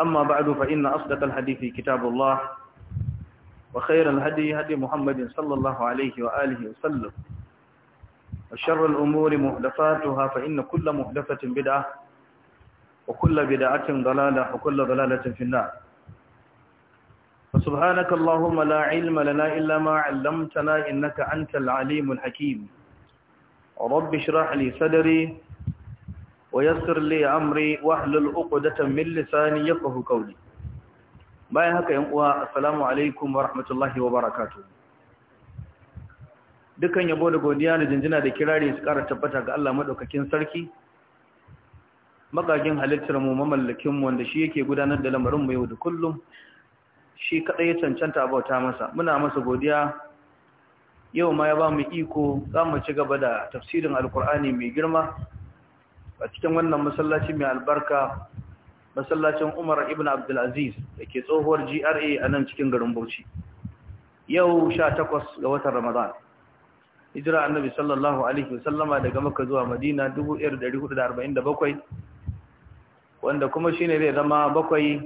أما بعد فإن أصدق الحديث كتاب الله وخير الهدي هدي محمد صلى الله عليه وآله وسلم وشر الأمور محدثاتها فإن كل محدثة بدعة وكل بدعة ضلالة وكل ضلالة في النار فسبحانك اللهم لا علم لنا إلا ما علمتنا إنك أنت العليم الحكيم رب اشرح لي صدري ويسر لي امري واحلل عقده من لساني يفقهوا قولي bayan haka yan uwa assalamu alaikum wa rahmatullahi wa barakatuh dukan yabo da godiya da jinjina da kirari su kara tabbata ga Allah madaukakin sarki magagin halittar mu mamallakin mu wanda shi yake gudanar da lamarin mu yau da kullum shi kadai ya cancanta bauta masa muna masa godiya yau ma ya ba mu iko za mu ci gaba da tafsirin alkur'ani mai girma a cikin wannan masallaci mai albarka masallacin Umar ibn Abdulaziz da ke tsohuwar GRA a nan cikin garin Bauchi yau sha takwas ga watan Ramadan hijira annabi sallallahu alaihi wasallama daga Makka zuwa Madina 1447 wanda kuma shine zai zama bakwai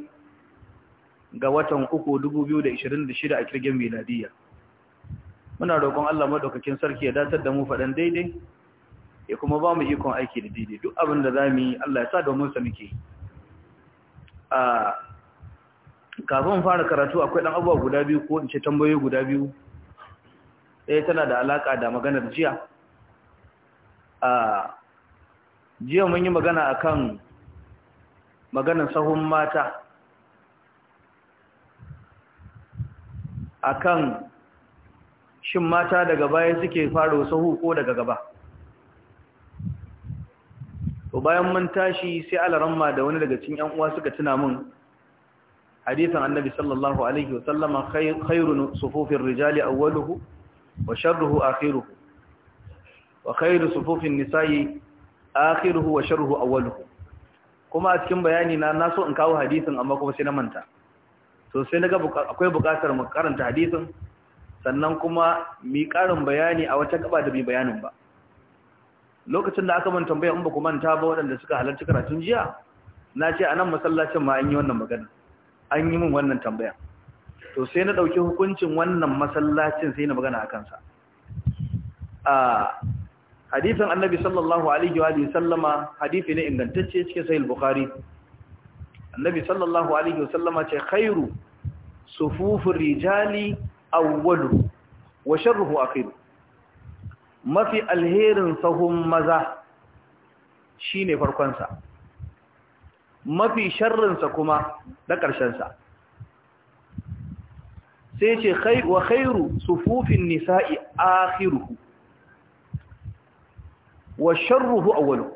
ga watan uku 2026 a kirgin miladiya muna roƙon Allah madaukakin sarki ya datar da mu faɗan daidai ya kuma ba mu ikon aiki da daidai duk abin da za mu yi Allah ya sa domin sa muke a kafin fara karatu akwai ɗan abubuwa guda biyu ko in ce tambayoyi guda biyu ɗaya eh, tana da alaka da maganar jiya a jiya mun yi magana akan maganar sahun mata akan shin mata daga baya suke faro sahu ko daga gaba to bayan mun tashi sai alaramma da wani daga cikin yan uwa suka tuna mun hadisin annabi sallallahu alaihi wa sallama khairu sufufin rijali awwaluhu wa sharruhu akhiruhu wa khairu sufufin nisa'i akhiruhu wa sharruhu awwaluhu kuma a cikin bayani na naso in kawo hadisin amma kuma sai na manta to sai naga akwai bukatar mu karanta hadisin sannan kuma mi karin bayani a wata gaba da bi bayanin ba lokacin da aka man tambaya in ba ku manta ba waɗanda suka halarci karatun jiya na ce a nan masallacin ma an yi wannan magana an yi min wannan tambaya to sai na ɗauki hukuncin wannan masallacin sai na magana a kansa a hadisin annabi sallallahu alaihi wa sallama hadisi ne ingantacce cikin sahih bukhari annabi sallallahu alaihi wa sallama ce khairu sufufur rijali awwalu wa sharruhu akhiru mafi alherin sahun maza shine farkonsa mafi sharrinsa kuma na ƙarshensa sai ce wa khairu sufufin nisa'i akhiruhu wa sharruhu awwalu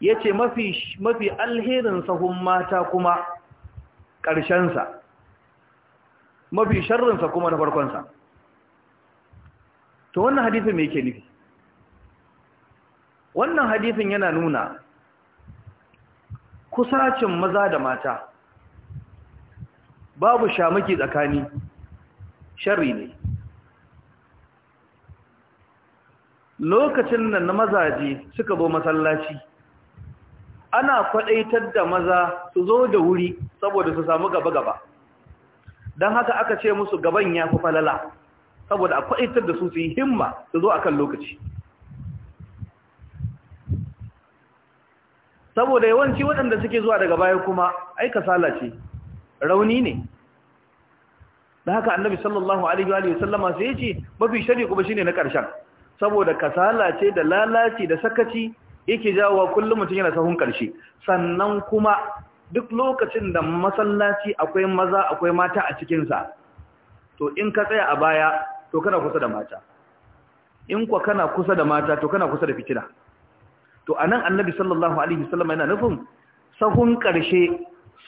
yace mafi mafi alherin sahun mata kuma ƙarshensa mafi sharrinsa kuma na farkonsa to wannan hadisin me yake nufi wannan hadisin yana nuna kusacin maza da mata babu shamaki tsakani sharri ne lokacin nan na mazaje suka zo masallaci ana kwadaitar da maza su zo da wuri saboda su samu gaba-gaba don haka aka ce musu gaban ya fi falala saboda a kwaitar da su su yi himma su zo akan lokaci saboda yawanci waɗanda suke zuwa daga baya kuma ai kasala ce rauni ne da haka annabi sallallahu alaihi wa sallama sai ya ce mafi shari kuma shine na ƙarshen saboda kasala ce da lalaci da sakaci yake jawowa kullum mutum yana sahun ƙarshe sannan kuma duk lokacin da masallaci akwai maza akwai mata a cikinsa to in ka tsaya a baya to kana kusa da mata in kuwa kana kusa da mata to kana kusa da fitina to anan annabi sallallahu alaihi wasallam yana nufin sahun karshe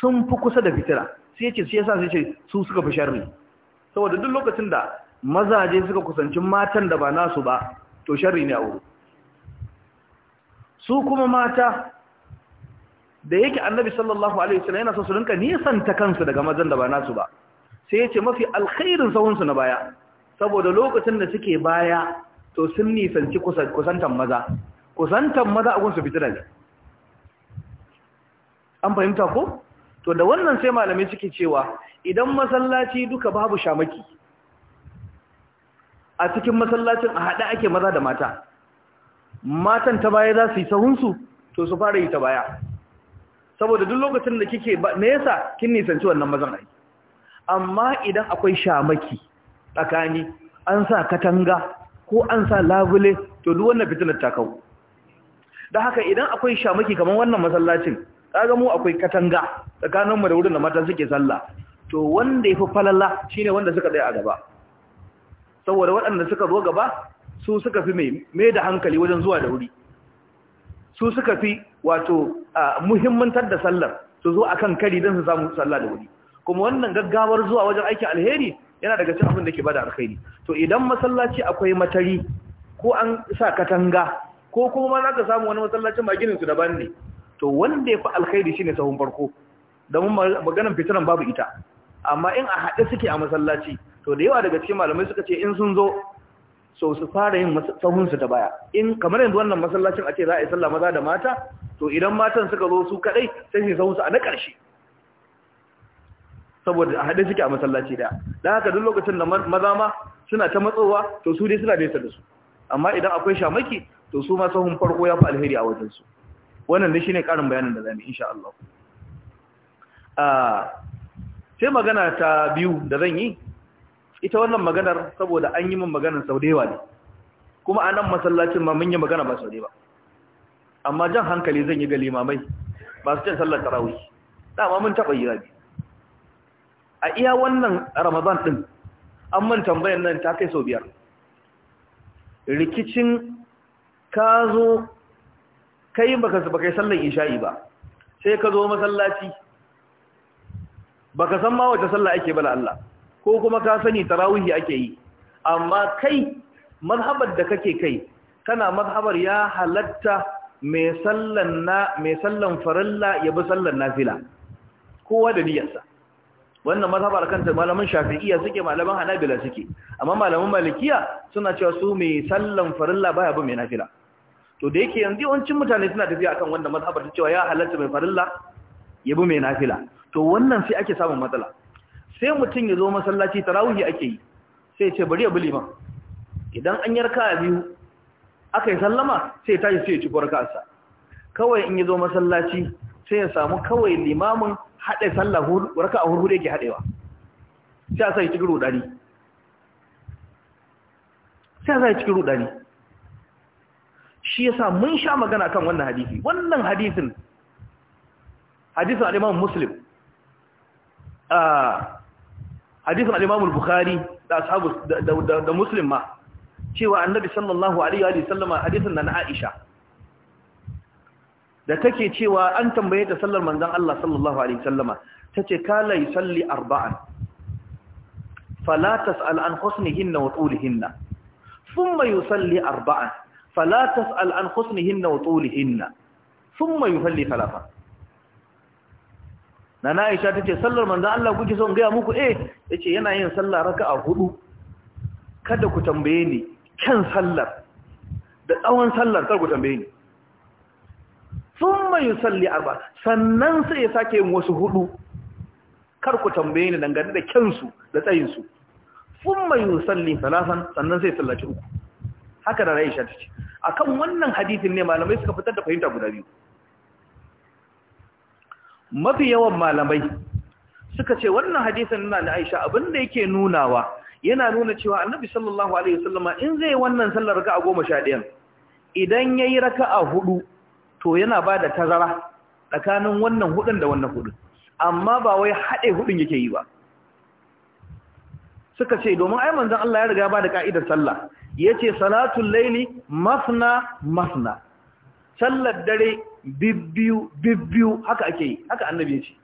sun fi kusa da fitina sai yace sai yasa sai yace su suka fi sharri saboda duk lokacin da mazaje suka kusanci matan da ba nasu ba to sharri ne a wuri su kuma mata da yake annabi sallallahu alaihi wasallam yana so su rinka ta kansu daga mazan da ba nasu ba sai yace mafi alkhairin sahun su na baya saboda lokacin da suke baya to sun nisanci kusantan maza kusantan maza a gunsu fitina ne an fahimta ko to da wannan sai malamai suke cewa idan masallaci duka babu shamaki a cikin masallacin a haɗa ake maza da mata matan ta baya za su yi sahunsu to su fara yi ta baya saboda duk lokacin da kike nesa kin nisanci wannan mazan ai amma idan akwai shamaki tsakani an sa katanga ko an sa labule to duk wannan fitinar ta kawo da haka idan akwai shamaki kamar wannan masallacin kaga mu akwai katanga tsakanin mu da wurin da mata suke sallah to wanda yafi falalla shine wanda suka tsaya a gaba saboda waɗanda suka zo gaba su suka fi mai da hankali wajen zuwa da wuri su suka fi wato muhimmantar da sallar su zo kan kari don su samu sallah da wuri kuma wannan gaggawar zuwa wajen aikin alheri yana daga cin abin da ke bada alkhairi to idan masallaci akwai matari ko an sa katanga ko kuma za ka samu wani masallacin ba ginin su daban ne to wanda ya fi alkhairi shine sahun farko domin maganar fitinan babu ita amma in a haɗe suke a masallaci to da yawa daga cikin malamai suka ce in sun zo so su fara yin sahunsu ta baya in kamar yanzu wannan masallacin a ce za a yi sallah maza da mata to idan matan suka zo su kaɗai sai su sahunsu a na ƙarshe saboda a haɗe suke a masallaci ɗaya da haka duk lokacin da maza ma suna ta matsowa to su dai suna nesa da su amma idan akwai shamaki to su ma sahun farko ya fi alheri a wajensu wannan ne shine karin bayanin da za mu insha Allah sai magana ta biyu da zan yi ita wannan maganar saboda an yi min maganar sau da ne kuma a nan masallacin ma mun yi magana ba sau ba amma jan hankali zan yi ga limamai masu cin sallar tarawih ma mun taɓa yi rabi a iya wannan ramadan din an man tambayar nan ta kai sau biyar rikicin ka zo kai baka sallar isha'i ba sai ka zo masallaci baka san ma wata salla ake bala Allah ko kuma ka sani tarawihi ake yi amma kai mazhabar da kake kai kana mazhabar ya halatta mai sallan faralla farilla ya bi sallan nafila kowa da niyyarsa wannan mazhabar kanta malaman shafi'iyya suke malaman hanabila suke amma malaman malikiya suna cewa su mai sallan farilla baya bin mai nafila to da yake yanzu yawancin mutane suna tafiya akan wannan mazhabar cewa ya halatta mai farilla ya bi mai nafila to wannan sai ake samun matsala sai mutum ya zo masallaci tarawihi ake yi sai ya ce bari ya bi liman idan an yarka a biyu aka yi sallama sai tashi sai ya ci kwarka kawai in ya zo masallaci sai ya samu kawai limamin haɗe sallah raka a hurhuɗe yake haɗewa sai a sa cikin ruɗani, sai a sa cikin ruɗani, shi yasa mun sha magana kan wannan hadisi wannan hadisin hadisin al'imamun Muslim hadisin al'imamun bukhari da asabu da Muslim ma cewa annabi sallallahu alaihi wa sallama hadisin na Aisha da take cewa an tambaye ta sallar manzon Allah sallallahu alaihi wasallama tace kala yusalli arba'an fala tas'al an husnihinna wa tulihinna thumma yusalli arba'an fala tas'al an husnihinna wa tulihinna thumma yusalli thalatha nana Aisha tace sallar manzon Allah kuke son ga muku eh yace yana yin sallah raka'a hudu kada ku tambaye ni kan sallar da tsawon sallar kar ku tambaye ni thumma yusalli arba sannan sai ya sake yin wasu hudu kar ku tambaye ni dangane da kyansu da tsayinsu thumma yusalli salasan sannan sai ya sallaci uku haka da Aisha tace akan wannan hadisin ne malamai suka fitar da fahimta guda biyu mafi yawan malamai suka ce wannan hadisin nuna da Aisha abinda yake nunawa yana nuna cewa Annabi sallallahu alaihi wasallama in zai wannan sallar sha 11 idan yayi raka'a hudu to yana ba da tazara tsakanin wannan hudun da wannan hudun amma ba wai haɗe hudun yake yi ba suka ce domin ai manzon Allah ya riga ba da ka'idar sallah yace salatul laili masna masna sallar dare bibbiyu bibbiyu haka ake yi haka annabi ce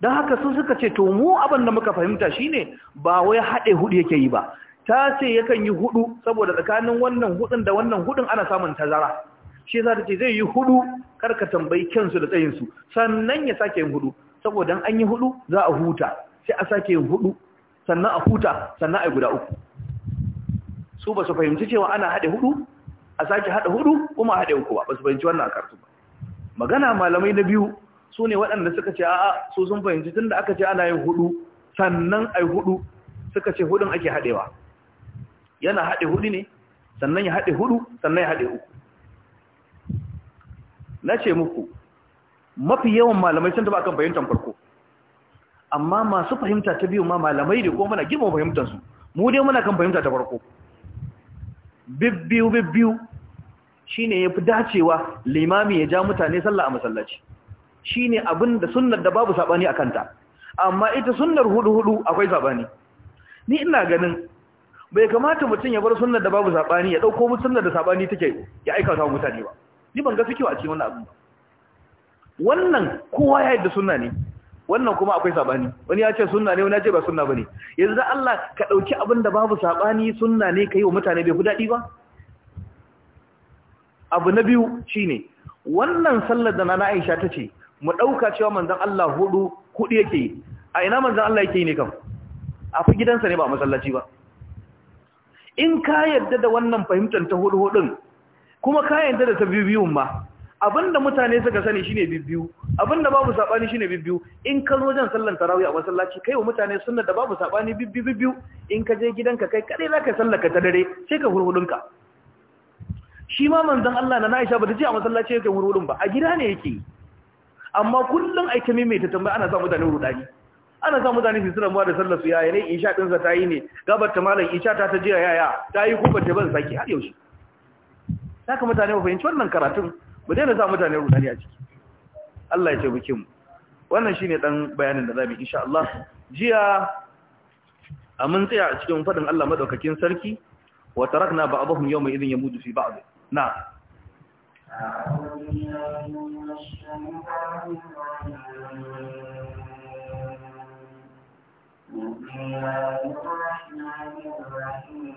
dan haka sun suka ce to mu abin da muka fahimta shine ba wai haɗe hudu yake yi ba ta ce yakan yi hudu saboda tsakanin wannan hudun da wannan hudun ana samun tazara shi za ta ce zai yi hudu karka tambayi kyansu da tsayinsu sannan ya sake yin hudu saboda an yi hudu za a huta sai a sake yin hudu sannan a huta sannan a yi guda uku su ba su fahimci cewa ana haɗe hudu a sake haɗa hudu kuma a haɗe uku ba ba su fahimci wannan a kartu ba magana malamai na biyu su ne waɗanda suka ce a'a su sun fahimci tun da aka ce ana yin hudu sannan a yi hudu suka ce hudun ake haɗewa yana haɗe hudu ne sannan ya haɗe hudu sannan ya haɗe uku na ce muku mafi yawan malamai sun taba akan fahimtar farko amma masu fahimta ta biyu ma malamai ne ko muna girma fahimtar mu dai muna kan fahimta ta farko bibbiyu bibbiyu shine yafi dacewa limami ya ja mutane sallah a masallaci shine abin da sunnar da babu sabani a kanta, amma ita sunnar hudu hudu akwai sabani ni ina ganin bai kamata mutum ya bar sunnar da babu sabani ya dauko mu sunnar da sabani take ya aika mutane ba ni ban ga kyau a cikin wannan abu wannan kowa ya yadda sunna ne wannan kuma akwai sabani wani ya ce sunna ne wani ya ce ba sunna bane yanzu Allah ka dauki abin da babu sabani sunna ne kai wa mutane bai hudadi ba abu na biyu shine wannan sallar da nana Aisha tace mu dauka cewa manzon Allah hudu hudu yake a ina manzon Allah yake ne kam a fi gidansa ne ba masallaci ba in ka yarda da wannan fahimtar ta hudu hudun kuma kayan da ta bibiyun ma abinda mutane suka sani shine bibiyu abinda babu sabani shine bibiyu in ka zo jan sallan tarawih a masallaci kai wa mutane sunna da babu sabani bibbi bibiyu in ka je gidanka kai kare zaka sallaka ta dare sai ka hurhudunka shi ma manzon Allah na Aisha bata ce a masallaci yake hurhudun ba a gida ne yake amma kullun ai kami mai ta tambaya ana sa mutane rudani ana sa mutane su sirra da sallar su yayi ne isha din ta yi ne gabar ta malam isha ta ta jiya yaya yi kuma ta ban saki har yaushe ya ka mutane ba fahimci wannan karatun ba daina za mutane rudani a ciki Allah ya taimake mu wannan shi ne ɗan bayanin da zamu insha Allah jiya a mun tsaya a cikin faɗin Allah maɗaukakin sarki wa na ba yawma idhin yamudu fi ba'd na بسم الله الرحمن الرحيم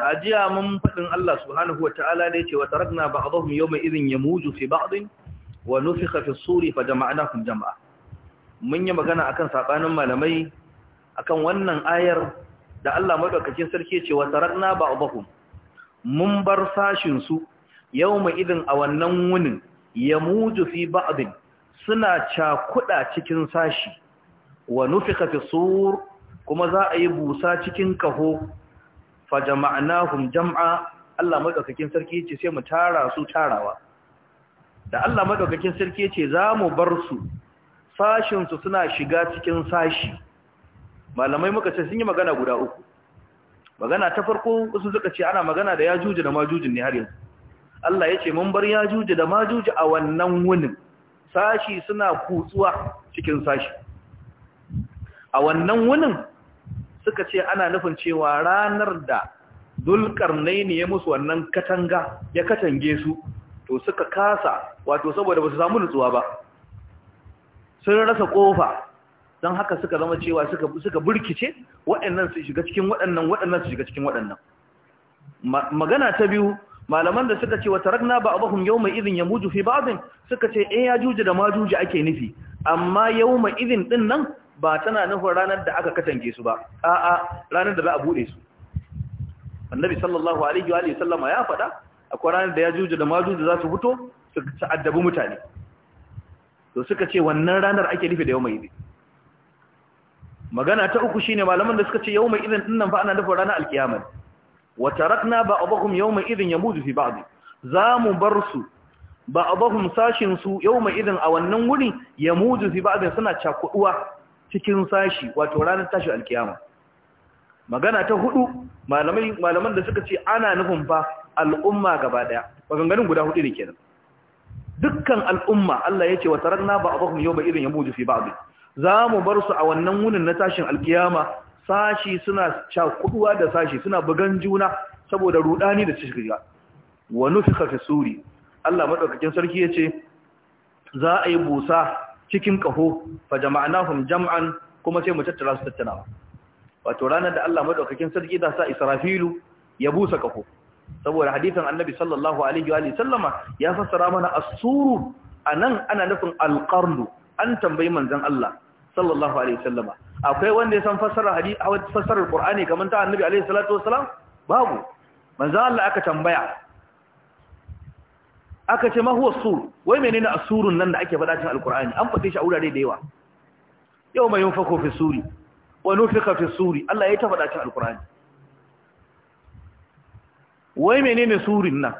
a jiya mun faɗin Allah subhanahu wa ta'ala da yake wa yau mai yawma ya muju fi ba'd wa nufi fi suri fa kun jama'a mun yi magana a kan saɓanin malamai a kan wannan ayar da Allah maɗaukacin sarki ce wa a zafin mun bar sashinsu yau mai idhin a wannan wunin ya muju fi ba'd suna cakuda cikin sashi wa nufika fi sur kuma za a yi busa cikin kaho fa jama'nahum jam'a Allah madaukakin sarki yace sai mu tara su tarawa da Allah madaukakin sarki yace za mu bar su sashin su suna shiga cikin sashi malamai muka ce sun yi magana guda uku magana ta farko su suka ce ana magana da yajuji da majujin ne har yanzu Allah yace mun bar yajuji da majuji a wannan wunin sashi suna kutsuwa cikin sashi a wannan wunin suka ce ana nufin cewa ranar da dulkarnai ne ya musu wannan katanga ya katange su to suka kasa wato saboda ba su samu nutsuwa ba sun rasa kofa don haka suka zama cewa suka burkice waɗannan su shiga cikin waɗannan waɗannan su shiga cikin waɗannan magana ta biyu malaman da suka ce wa tarakna ba'dahum yawma idhin yamuju fi ba'dhin suka ce eh yajuju da majuju ake nufi amma yawma idhin din nan ba tana nufin ranar da aka katange su ba a'a ranar da za a bude su annabi sallallahu alaihi wa alihi sallama ya faɗa akwai ranar da yajuju da majuju za su fito su ta'addabi mutane to suka ce wannan ranar ake nufi da yawma idhin magana ta uku shine malaman da suka ce yawma idhin din nan fa ana nufin ranar alkiyama wa tarakna ba'dahum yawma idhin yamudu fi ba'd za mu bar su ba'dahum sashin su yawma idhin a wannan wuri yamudu fi ba'd suna cakuduwa cikin sashi wato ranar tashi alkiyama magana ta hudu malamai malaman da suka ce ana nufin fa al'umma gaba daya maganganun guda hudu ne kenan dukkan al'umma Allah ya ce wa tarakna ba'dahum yawma idhin yamudu fi ba'd za mu bar su a wannan wunin na tashin alkiyama sashi suna cakuduwa da sashi suna bugan juna saboda rudani da shirka wa nufika fi suri Allah madaukakin sarki yace za a yi busa cikin kaho fa jama'nahum jam'an kuma sai mu tattara su tattarawa wato ranar da Allah madaukakin sarki da sa Israfilu ya busa kaho saboda hadisin Annabi sallallahu alaihi wa sallama ya fassara mana as-suru anan ana nufin al-qarnu an tambayi manzon Allah sallallahu alaihi wa sallama akwai wanda ya san fassarar hadisi fassarar qur'ani kamar ta annabi alaihi salatu wasalam babu manzo Allah aka tambaya aka ce ma huwa sur wai menene asurun nan da ake faɗa cikin alqur'ani an faɗe shi a wurare da yawa yau mai yunfako fi suri wa nufika fi suri Allah ya ta faɗa cikin alqur'ani wai menene surin nan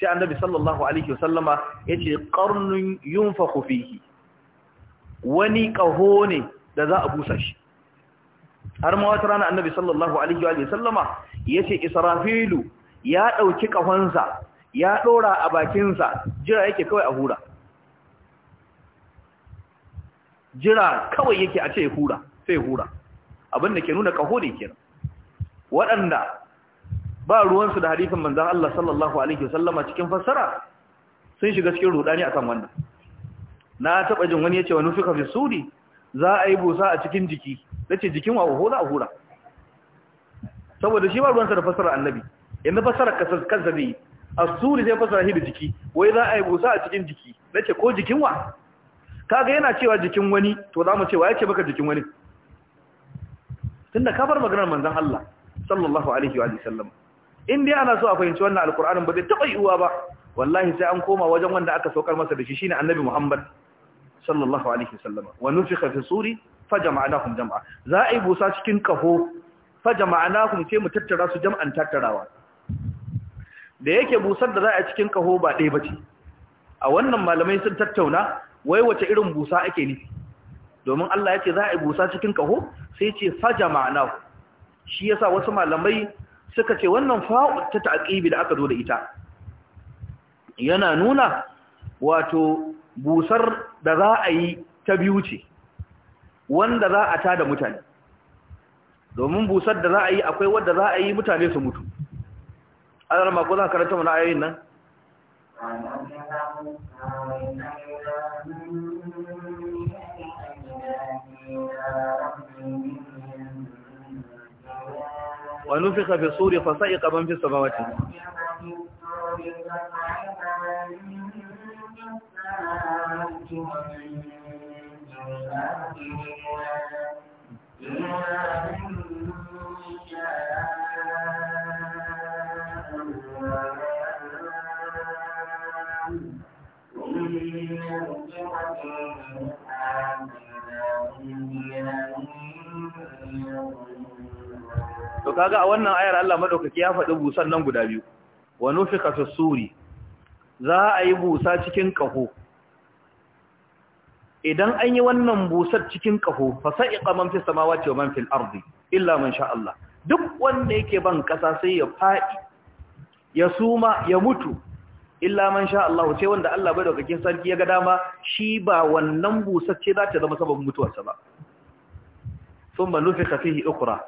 sai annabi sallallahu alaihi wasallama yace qarnun yunfaku fihi wani kaho ne da za a busa shi har ma wata rana annabi sallallahu alaihi wa sallama ya ce israfilu ya ɗauki ƙahonsa ya ɗora a bakinsa jira yake kawai a hura jira kawai yake a ce hura sai hura abinda ke nuna kaho ne kenan waɗanda ba ruwansu da hadisin manzan Allah sallallahu Alaihi wa sallama cikin fassara sun shiga cikin rudani kan wannan na taɓa jin wani ya ce wani suka fi suri za a yi busa a cikin jiki nace jikin wa oho za a hura saboda shi ba ruwansa da fasara annabi yanzu fasara kansa ne. yi asuri sai fasara shi da jiki wai za a yi busa a cikin jiki nace ko jikin wa kaga yana cewa jikin wani to za mu ce wa ce baka jikin wani tunda ka bar maganar manzon Allah sallallahu alaihi wa sallam in dai ana so a fahimci wannan alqur'anin ba zai taba yiwuwa ba wallahi sai an koma wajen wanda aka saukar masa da shi shine annabi Muhammad sallallahu alaihi wasallam wa nufikha fi suri fajama'nahum jam'a za a yi busa cikin kaho fajama'nahum sai mu tattara su jam'an tattarawa da yake busar da za a cikin kaho ba ɗaya bace a wannan malamai sun tattauna wai wace irin busa ake nufi domin Allah ya ce za a yi busa cikin kaho sai ce fajama'nahu shi yasa wasu malamai suka ce wannan fa'u ta ta'qibi da aka zo da ita yana nuna wato busar da za a yi ta biyu ce wanda za a ta da mutane domin busar da za a yi akwai wadda za a yi mutane su mutu adar ma ko za a karanta wani ayoyin nan ونفخ في الصور فصائق من في السماوات To kaga a wannan ayar Allah madaukaki ya faɗi busan nan guda biyu wa nufi fi za a yi busa cikin ƙaho idan an yi wannan busar cikin ƙaho fasa'iqa man fi samawati wa man fil arzi, illa man sha Allah duk wanda yake ban ƙasa sai ya faɗi ya suma ya mutu illa man sha Allah sai wanda Allah bai daukakin sarki ya ga dama shi ba wannan busar ce za ta zama sabon mutuwarsa ba thumma nufikha fihi ukra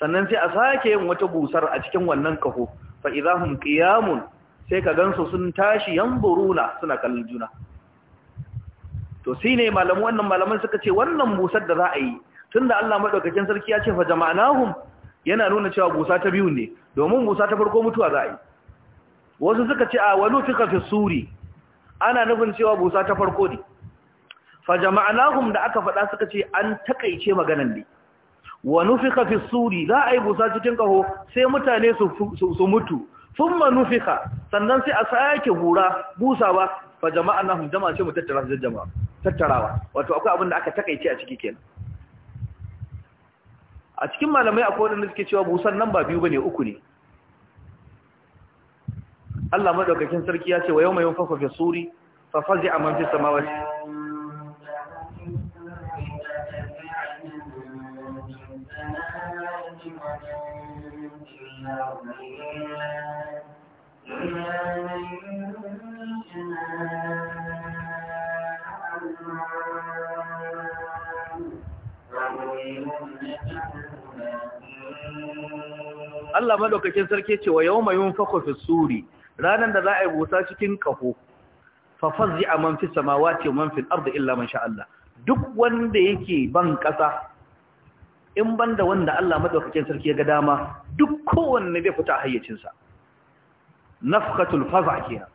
sannan sai a sake yin wata busar a cikin wannan ƙaho fa idahum sai ka gansu sun tashi yan buruna suna kallon juna to ne malamu wannan malaman suka ce wannan busar da za a yi tunda Allah madaukakin sarki ya ce fa jama'nahum yana nuna cewa busa ta biyu ne domin busa ta farko mutuwa za a yi wasu suka ce a walu fika fi suri ana nufin cewa busa ta farko ne fa jama'nahum da aka faɗa suka ce an takaice maganan ne wa nufika fi suri za a yi busa cikin kaho sai mutane su mutu thumma nufika sannan sai a sake hura busa ba fa jama'nahum jama'a ce mu tattara jama'a tattarawa wato akwai abin da aka takaice a ciki kenan a cikin malamai akwai wanda suke cewa busan nan ba biyu bane uku ne Allah madaukakin sarki ya ce wa yawma yunfaku fi suri fa fazi'a man fi samawati Thank Allah madaukakin sarki ce wa yawma yunfaku fi suri ranan da za a yi busa cikin kafo fa a man fi samawati wa man al ardi illa man sha Allah duk wanda yake ban kasa in banda wanda Allah madaukakin sarki ya ga dama duk kowanne zai fita hayyacin sa nafkatul faza kenan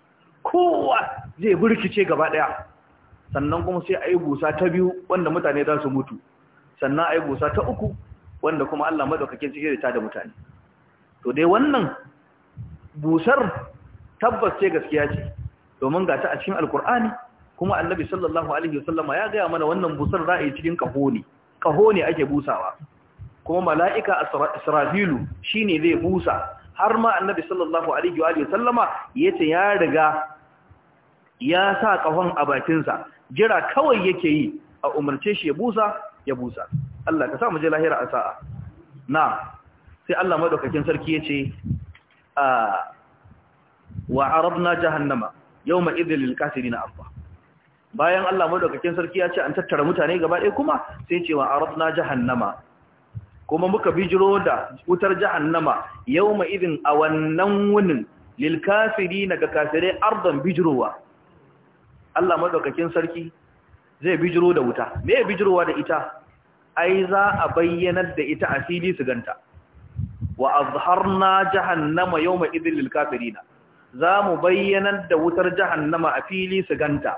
kowa zai burkice gaba daya sannan kuma sai a yi busa ta biyu wanda mutane za su mutu sannan a yi busa ta uku wanda kuma Allah madaukakin sarki zai tada mutane to dai wannan busar tabbas ce gaskiya ce domin ga ta a cikin alkur'ani kuma annabi sallallahu alaihi wasallam ya gaya mana wannan busar za a yi cikin kaho ne kaho ne ake busawa kuma mala'ika israfilu shine zai busa har ma annabi sallallahu alaihi wa sallama yace ya riga ya sa kahon a bakinsa jira kawai yake yi a umarce shi ya busa ya busa Allah ka sa mu je lahira a sa'a sai Allah maɗaukakin sarki ya a wa arabna jahannama ma idhil lilkasiri na abba bayan Allah maɗaukakin sarki ya ce an tattara mutane gaba ɗaya kuma sai ce wa arabna jahannama kuma muka bijiro da wutar jahannama ma idhin a wannan wunin lilkasiri na ga kafirai ardan bijirowa Allah maɗaukakin sarki zai bijiro da wuta me bijirowa da ita ai za a bayyanar da ita a fili su ganta wa azharna jahannama yawma idhil lil kafirina za mu bayyanar da wutar jahannama a fili su ganta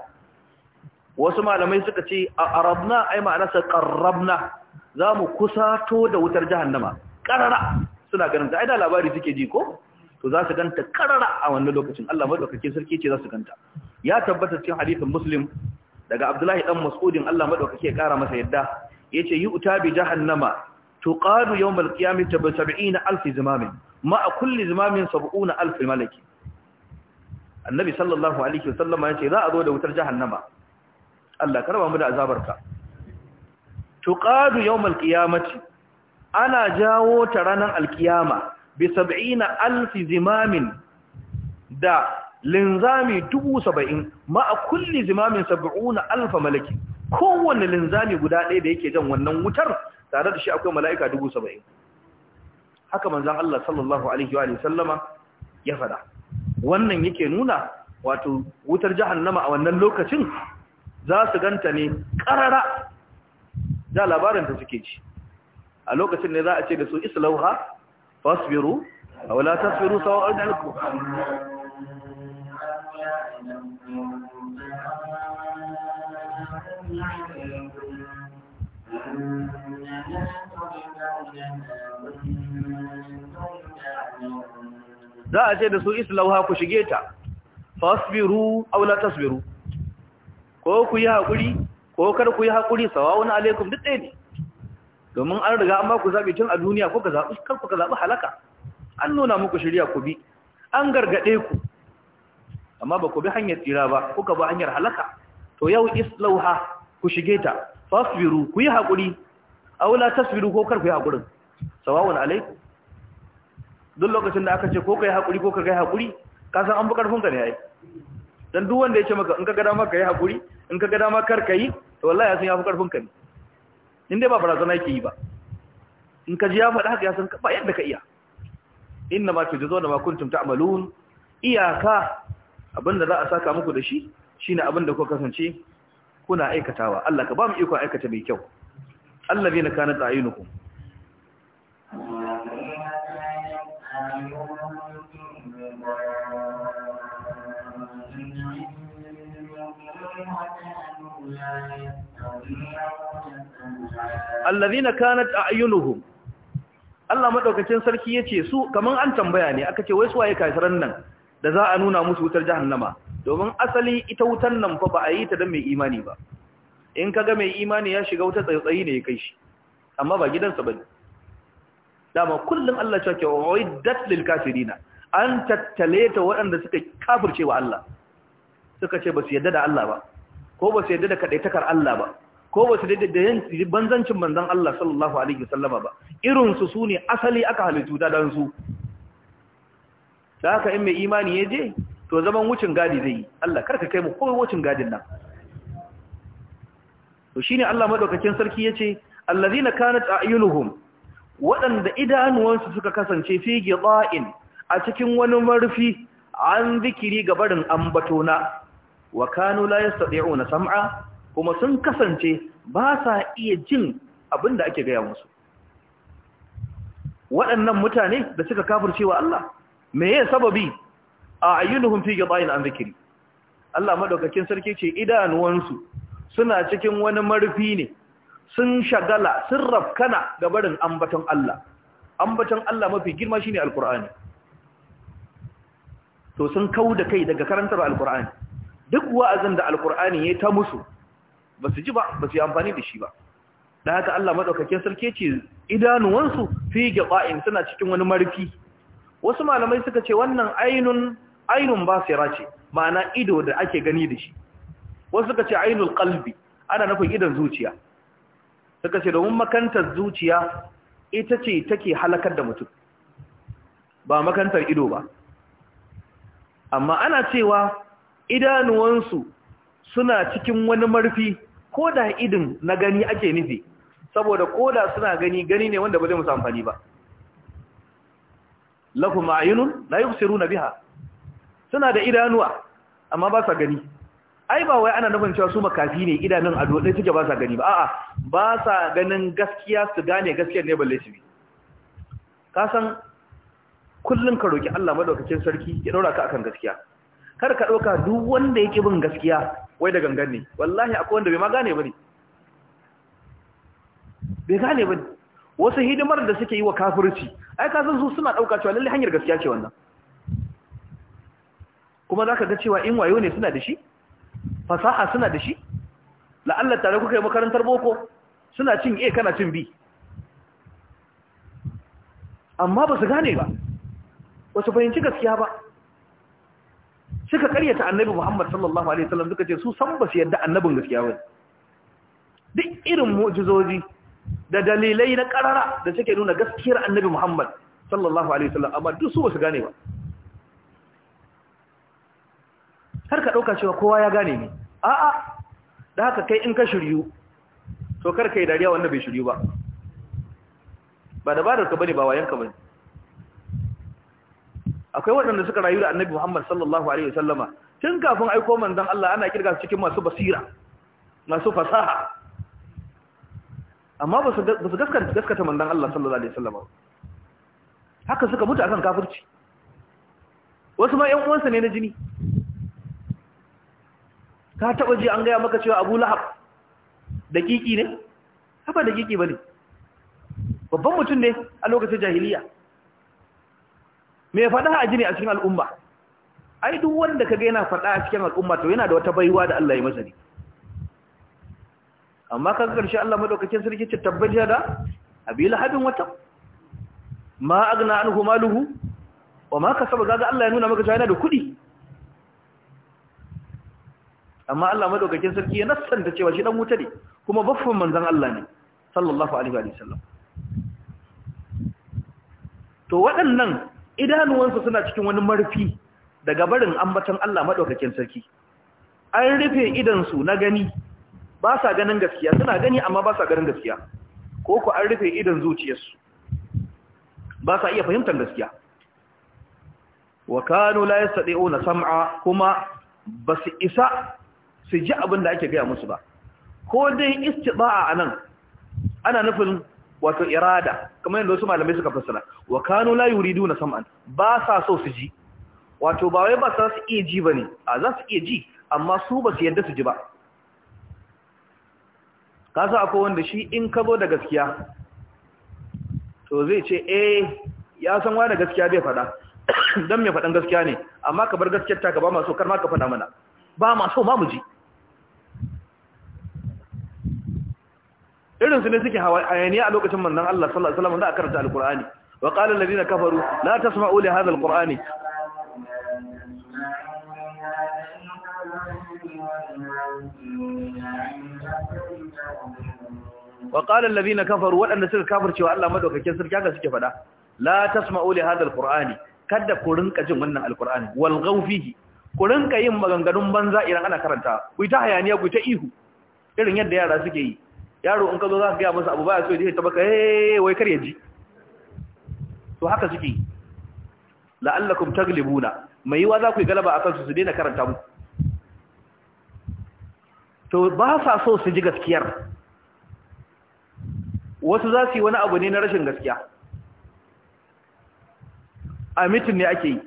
wasu malamai suka ce a arabna ai ma'anarsa qarrabna za mu kusato da wutar jahannama karara suna ganin ta ai da labari suke ji ko to za su ganta karara a wannan lokacin Allah madaukakin sarki ce za su ganta ya tabbata cikin hadisin muslim daga abdullahi dan mas'udin Allah madaukake ya kara masa yadda yace yu'ta bi jahannama tuqadu yawm al-qiyamah bi 70000 zimamin ma kulli zimamin 70000 malaki annabi sallallahu alaihi wasallam ya ce za a zo da wutar jahannama Allah karba mu da azabarka tuqadu yawm al-qiyamati ana jawo ta ranar al bi da linzami dubu saba'in ma a kulli zimamin saba'una alfa malaki kowane linzami guda ɗaya da yake jan wannan wutar tare da shi akwai mala'ika dubu saba'in haka manzan Allah sallallahu alaihi wa’alaihi sallama ya fada wannan yake nuna wato wutar nama a wannan lokacin za su ganta ne ƙarara. da ta suke ci a lokacin ne za a ce da su islauha fasbiru aw la tasbiru da alaikum za a ce da su islauha ku shige ta fasbiru aw la tasbiru ko ku yi hakuri ko kar ku yi hakuri sawa'un alaikum duk ɗaya ne domin an riga an ba ku zabi tun a duniya ko ka zabi kar ku ka zabi halaka an nuna muku shari'a ku bi an gargade ku amma ba ku bi hanyar tsira ba kuka ba hanyar halaka to yau islauha ku shige ta fasbiru ku yi hakuri aw la tasbiru ko kar ku yi hakurin sawa'un alaikum duk lokacin da aka ce ko kai hakuri ko ka kai hakuri ka san an bu karfin ka ne yayi dan duk wanda ya ce maka in ka ga dama ka yi hakuri in ka ga dama kar ka yi to wallahi ya san ya fi karfin ka ne in dai ba barazana yake yi ba in ka ji ya faɗa haka ya san ba yadda ka iya inna ma dzona ma kuntum ta'malun iyaka abinda za a saka muku da shi shine abinda kuka kasance kuna aikatawa Allah ka ba mu iko aikata mai kyau allazina kanat ayunukum allazina kanat a'yunuhum Allah madaukakin sarki yace su kaman an tambaya ne aka ce wai su waye kafiran nan da za a nuna musu wutar jahannama domin asali ita wutar nan fa ba a yi ta da mai imani ba in kaga mai imani ya shiga wuta tsaitsayi ne ya kai shi amma ba gidansa bane dama kullum Allah cewa ke uiddat lil kafirina an tattale ta waɗanda suka kafirce wa Allah suka ce ba su yadda da Allah ba ko ba su yadda da kadaitakar Allah ba ko ba su yadda da yin banzancin manzon Allah sallallahu alaihi wasallama ba irin su ne asali aka halittu da dan su da haka in mai imani ya je to zaman wucin gadi zai yi Allah karka kai mu ko wucin gadin nan to shine Allah madaukakin sarki yace allazina kanat a'yunuhum waɗanda idanuwansu suka kasance fi gida'in a cikin wani marfi an zikiri ga barin ambatona wa kanu la na sam'a kuma sun kasance ba sa iya jin abinda ake gaya musu waɗannan mutane da suka kafircewa Allah me ya sababi a ayyunuhum fi gida'in an zikiri Allah madaukakin sarki ce idanuwansu suna cikin wani marfi ne sun shagala sun rafkana ga barin ambaton Allah ambaton Allah mafi girma shine alqur'ani to sun kauda kai daga karantar alqur'ani duk wa'azin da alqur'ani ya ta musu ba su ji ba basu yi amfani da shi ba dan haka Allah maɗaukakin sarki ce idanuwansu fi gaba'in suna cikin wani marfi wasu malamai suka ce wannan ainun ainun basira ce ma'ana ido da ake gani da shi wasu suka ce ainul qalbi ana nufin idan zuciya suka ce domin makantar zuciya ita ce take halakar da mutum ba makantar ido ba amma ana cewa idanuwansu suna cikin wani marfi ko da idin na gani ake nufi saboda ko da suna gani gani ne wanda ba zai musu amfani ba lahum ayunun la yubsiruna biha suna da idanuwa amma ba sa gani ai ba wai ana nufin cewa su makafi ne idanun a dole suke ba sa gani ba a'a ba sa ganin gaskiya su gane gaskiyar ne balle su bi ka san kullun ka roki Allah madaukakin sarki ya daura ka akan gaskiya kar ka dauka duk wanda yake bin gaskiya wai da gangan ne wallahi akwai wanda bai ma gane bane bai gane bane wasu hidimar da suke yi wa kafirci ai ka san su suna dauka cewa lalle hanyar gaskiya ce wannan kuma zaka ga cewa in wayo ne suna da shi fasaha suna da shi la'alla tare kuka yi makarantar boko suna cin a kana cin b amma ba su gane ba ba su fahimci gaskiya ba suka karyata annabi muhammad sallallahu alaihi wasallam suka ce su san ba su yadda annabin gaskiya ba duk irin mu'jizoji da dalilai na karara da suke nuna gaskiyar annabi muhammad sallallahu alaihi wasallam amma duk su ba su gane ba har ka ɗauka cewa kowa ya gane ne a'a da haka kai in ka shiryu to kar ka yi dariya wanda bai shiryu ba ba da badar ka bane ba wayan ka bane akwai waɗanda suka rayu da annabi Muhammad sallallahu alaihi wasallama tun kafin aiko manzon Allah ana kirga su cikin masu basira masu fasaha amma ba su gaskata gaskata manzon Allah sallallahu alaihi wasallama haka suka mutu akan kafirci wasu ma ƴan uwansa ne na jini ka taɓa ji an gaya maka cewa abu lahab dakiki ne haba dakiki ba ne babban mutum ne a lokacin jahiliya mai faɗa a ne a cikin al'umma ai duk wanda kaga yana faɗa a cikin al'umma to yana da wata baiwa da Allah ya masa ne amma kaga karshe Allah madaukakin sarki ce tabbaji da abi lahabin wata ma agna anhu maluhu wa ma kasaba kaga Allah ya nuna maka cewa yana da kuɗi amma Allah madaukakin sarki ya nassanta cewa shi dan wuta ne kuma baffan manzon Allah ne sallallahu alaihi wa sallam to waɗannan idanuwansu suna cikin wani marfi daga barin ambatan Allah madaukakin sarki an rufe su na gani ba sa ganin gaskiya suna gani amma ba sa ganin gaskiya ko ku an rufe idan zuciyarsu ba sa iya fahimtar gaskiya wa kanu la yastati'una sam'a kuma basu isa su ji abin da ake gaya musu ba ko dai istiba'a anan ana nufin wato irada kamar yadda wasu malamai suka fassara wa kanu la yuriduna sam'an ba sa so su ji wato ba wai ba sa su iya ji bane a za su iya ji amma su ba su yadda su ji ba ka sa akwai wanda shi in ka zo da gaskiya to zai ce eh ya san wa da gaskiya bai faɗa dan mai faɗan gaskiya ne amma ka bar gaskiyar ta ka ba ma so kar ma ka faɗa mana ba ma so ma mu ji irin su ne suke hayaniya a lokacin manzon Allah sallallahu alaihi wasallam da karanta alqur'ani wa qala alladhina kafaru la tasma'u li hadha alqur'ani wa qala alladhina kafaru wadanda suka Allah madaukakin haka suke fada la tasma'u li hadha alqur'ani kada ku rinka jin wannan alqur'ani wal ku rinka yin maganganun banza idan ana karanta ku ta hayaniya ku ta ihu irin yadda yara suke yi yaro in ka zo za ka gaya masa abu ba ya so ya ji ta baka eh wai kar ya ji to haka suke la'allakum taglibuna mai yiwa za ku yi galaba akan su su daina karanta mu to ba sa so su ji gaskiyar wasu za su yi wani abu ne na rashin gaskiya a mitin ne ake yi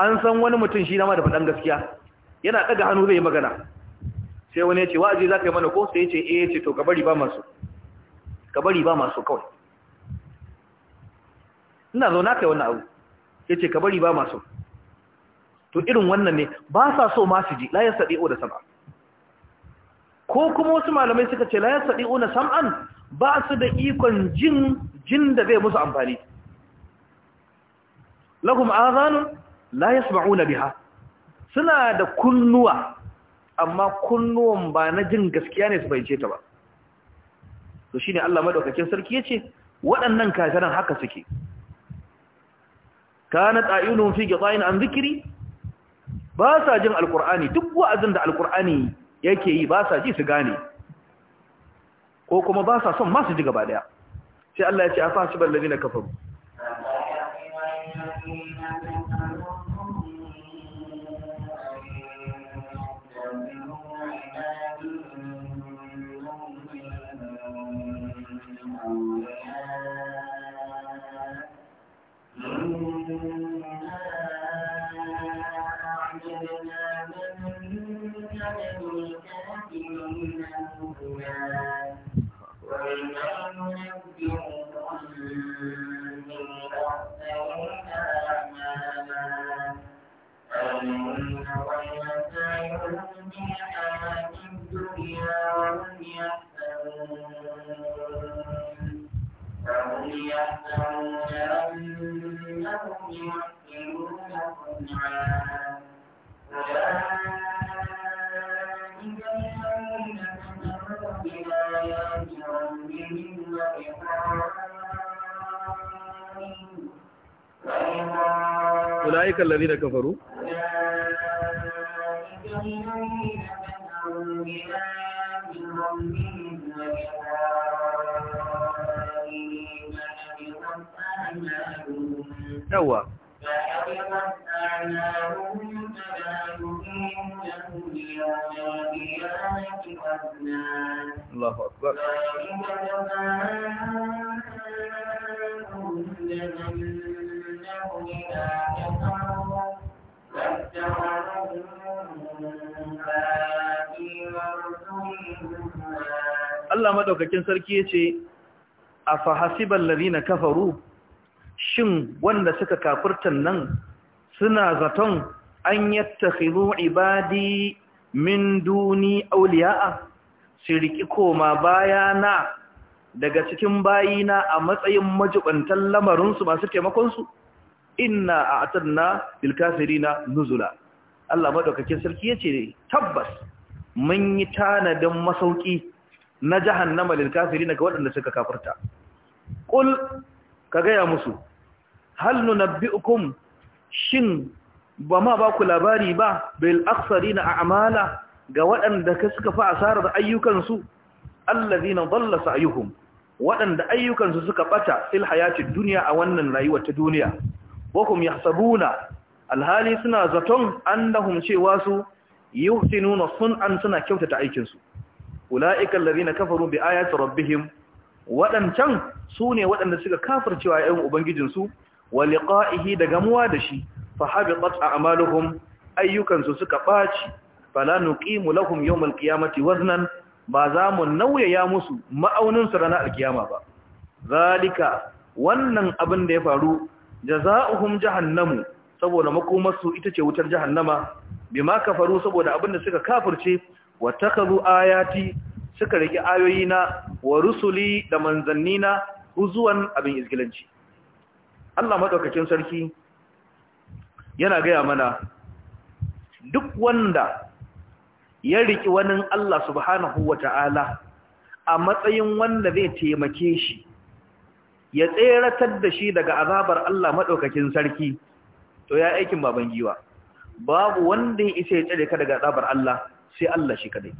an san wani mutum shi na ma da faɗan gaskiya yana ɗaga hannu zai magana sai wani ya ce wa'azi za ka yi mana ko sai ya ce eh ce to ka bari ba masu ka bari ba masu kawai ina zo na kai wannan abu ya ce ka bari ba masu to irin wannan ne ba sa so ma su ji layar o da sama ko kuma wasu malamai suka ce layar o na sam'an ba su da ikon jin jin da zai musu amfani lahum azanun la yasma'una biha suna da kunnuwa amma kunnuwan ba na jin gaskiya ne su bayyance ta ba to shine Allah madaukakin sarki yace waɗannan kafiran haka suke kanat ayunuhum fi ghita'in an zikiri? ba sa jin alqur'ani duk wa'azin da alqur'ani yake yi ba sa ji su gane ko kuma ba sa son ma su ji gaba daya sai Allah ya ce afa shi na kafaru ulaika allazina kafaru yawa Allahu akbar Allahu akbar Allah madaukakin sarki yace hasiban ladina kafaru shin wanda suka kafurtan nan suna zaton an yattakhidhu ibadi min duni awliya'a siriki koma bayana daga cikin bayina a matsayin majibantan lamarinsu masu taimakonsu inna a atanna na nuzula Allah maɗaukakin sarki ya ce tabbas mun yi tanadin masauki na jahannama lil kafirin ga waɗanda suka kafirta Kul! ka gaya musu hal nunabbiukum shin ba ma ba ku labari ba bil aksarina a'mala ga waɗanda ka suka fa asarar ayyukansu allazina dhalla sa'yuhum waɗanda ayyukansu suka bata fil hayatid dunya a wannan rayuwar ta duniya wahum yahsabuna alhali suna zaton annahum cewa su yuhsinuna sun'an suna kyautata aikinsu ula'ika allazina kafaru bi ayati rabbihim wadancan sune wadanda suka kafircewa ayoyin ubangijinsu wa liqa'ihi da gamuwa da shi fa habitat a'maluhum ayyukansu suka baci fala nuqimu lahum yawmal qiyamati waznan ba za mu nauyaya musu ma'aunin su ranar alkiyama ba zalika wannan abin da ya faru jaza'uhum jahannamu saboda makomarsu ita ce wutar jahannama bima kafaru saboda abin da suka kafirce watakazu ayati suka rike ayoyina wa rusuli da manzannina huzuwan abin izgilanci Allah madaukakin sarki yana gaya mana duk wanda ya riki wani Allah subhanahu wata'ala a matsayin wanda zai taimake shi ya tseratar da shi daga azabar Allah madaukakin sarki to ya aikin baban giwa babu wanda ya isa ya tsare ka daga azabar Allah sai Allah shi kadai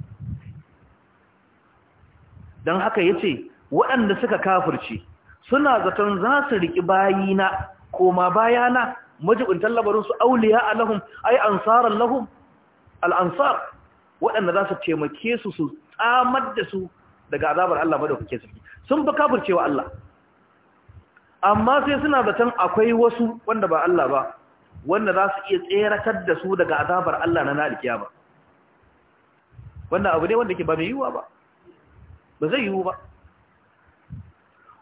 don haka ya ce waɗanda suka kafurce suna zaton za su riƙi bayina koma bayana majibintan labarinsu auliya alahum ai ansaran al al'ansar waɗanda za su taimake su su tsamar da su daga azabar Allah kuke sarki sun fi kafircewa Allah amma sai suna zaton akwai wasu wanda ba Allah ba wanda za su iya tseratar da su daga azabar Allah na na ba wannan abu ne wanda ke ba mai yiwuwa ba ba zai yiwu ba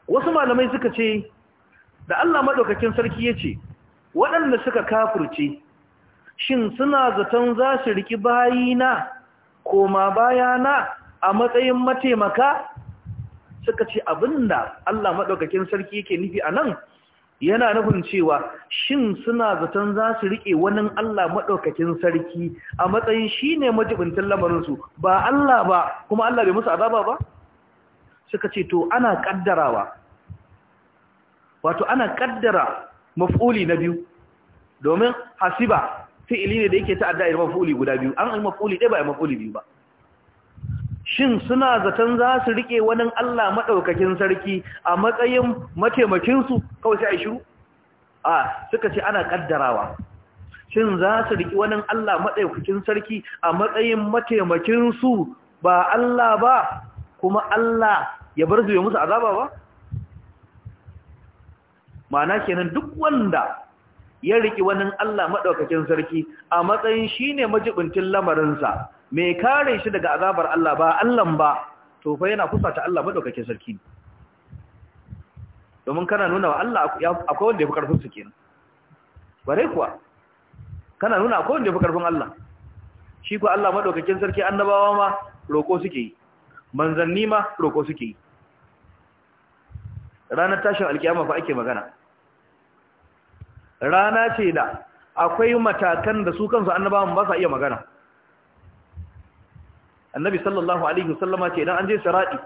wasu malamai suka ce da Allah maɗaukakin sarki ya ce waɗanda suka kafurce shin suna zaton za su riki bayina koma bayana a matsayin mataimaka suka ce abinda Allah maɗaukakin sarki yake nufi a nan yana nufin cewa shin suna zaton za su riƙe wani Allah maɗaukakin sarki a matsayin shi ne majibintin lamarinsu ba Allah ba kuma Allah bai musu azaba ba? suka ce to ana ƙaddarawa wato ana ƙaddara maf'uli na biyu domin hasiba fi'ili ne da yake ta'adda a yi maf'uli guda biyu an yi maf'uli ɗaya ba a maf'uli biyu ba shin suna zaton za su rike wani Allah maɗaukakin sarki a matsayin mataimakinsu kawai sai a shiru a suka ce ana ƙaddarawa shin za su rike wani Allah maɗaukakin sarki a matsayin mataimakinsu ba Allah ba kuma Allah ya bar su yi musu azaba ba ma'ana kenan duk wanda ya riki wani Allah maɗaukakin sarki a matsayin shi ne majibincin lamarinsa mai kare shi daga azabar Allah ba Allahn ba to fa yana kusata Allah maɗaukakin sarki domin kana nuna wa Allah akwai wanda ya fi ƙarfin su kenan bare kuwa kana nuna akwai wanda ya fi ƙarfin Allah shi ku Allah maɗaukakin sarki annabawa ma roƙo suke yi manzanni ma roƙo suke yi ranar tashin alkiyama fa ake magana rana ce da akwai matakan da su kansu annabawan ba sa iya magana annabi sallallahu alaihi wasallama ce idan an je sirati